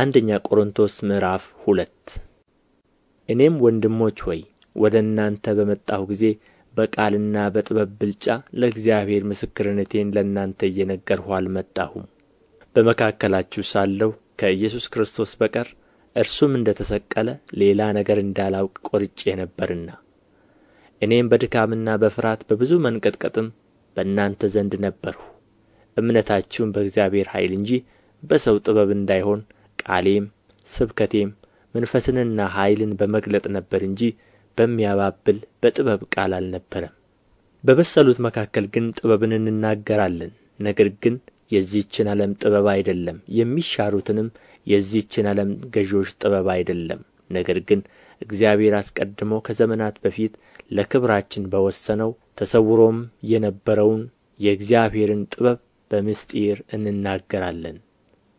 አንደኛ ቆሮንቶስ ምዕራፍ ሁለት እኔም ወንድሞች ሆይ ወደ እናንተ በመጣሁ ጊዜ በቃልና በጥበብ ብልጫ ለእግዚአብሔር ምስክርነቴን ለእናንተ እየነገርሁ አልመጣሁም በመካከላችሁ ሳለሁ ከኢየሱስ ክርስቶስ በቀር እርሱም እንደ ተሰቀለ ሌላ ነገር እንዳላውቅ ቆርጬ ነበርና እኔም በድካምና በፍርሃት በብዙ መንቀጥቀጥም በእናንተ ዘንድ ነበርሁ እምነታችሁም በእግዚአብሔር ኃይል እንጂ በሰው ጥበብ እንዳይሆን ቃሌም ስብከቴም መንፈስንና ኃይልን በመግለጥ ነበር እንጂ በሚያባብል በጥበብ ቃል አልነበረም በበሰሉት መካከል ግን ጥበብን እንናገራለን ነገር ግን የዚችን ዓለም ጥበብ አይደለም የሚሻሩትንም የዚችን ዓለም ገዢዎች ጥበብ አይደለም ነገር ግን እግዚአብሔር አስቀድሞ ከዘመናት በፊት ለክብራችን በወሰነው ተሰውሮም የነበረውን የእግዚአብሔርን ጥበብ በምስጢር እንናገራለን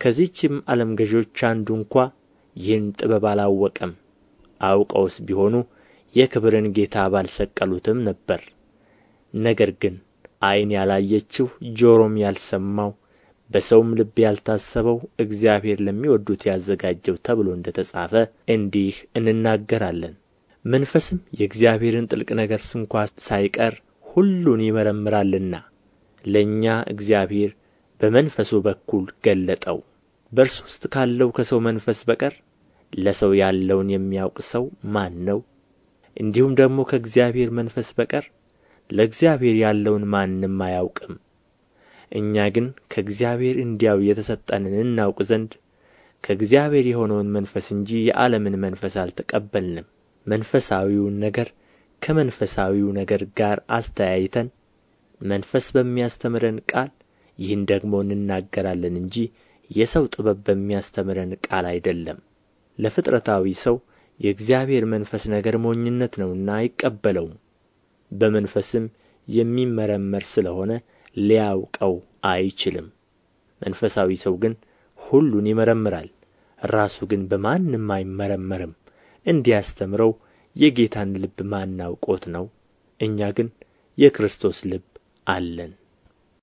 ከዚችም ዓለም ገዦች አንዱ እንኳ ይህን ጥበብ አላወቀም አውቀውስ ቢሆኑ የክብርን ጌታ ባልሰቀሉትም ነበር ነገር ግን ዓይን ያላየችው ጆሮም ያልሰማው በሰውም ልብ ያልታሰበው እግዚአብሔር ለሚወዱት ያዘጋጀው ተብሎ እንደ ተጻፈ እንዲህ እንናገራለን። መንፈስም የእግዚአብሔርን ጥልቅ ነገር ስንኳ ሳይቀር ሁሉን ይመረምራልና ለእኛ እግዚአብሔር በመንፈሱ በኩል ገለጠው በእርሱ ውስጥ ካለው ከሰው መንፈስ በቀር ለሰው ያለውን የሚያውቅ ሰው ማን ነው እንዲሁም ደግሞ ከእግዚአብሔር መንፈስ በቀር ለእግዚአብሔር ያለውን ማንም አያውቅም እኛ ግን ከእግዚአብሔር እንዲያው የተሰጠንን እናውቅ ዘንድ ከእግዚአብሔር የሆነውን መንፈስ እንጂ የዓለምን መንፈስ አልተቀበልንም መንፈሳዊውን ነገር ከመንፈሳዊው ነገር ጋር አስተያይተን መንፈስ በሚያስተምረን ቃል ይህን ደግሞ እንናገራለን እንጂ የሰው ጥበብ በሚያስተምረን ቃል አይደለም ለፍጥረታዊ ሰው የእግዚአብሔር መንፈስ ነገር ሞኝነት ነውና አይቀበለውም በመንፈስም የሚመረመር ስለ ሆነ ሊያውቀው አይችልም መንፈሳዊ ሰው ግን ሁሉን ይመረምራል ራሱ ግን በማንም አይመረመርም እንዲያስተምረው የጌታን ልብ ማናውቆት ነው እኛ ግን የክርስቶስ ልብ አለን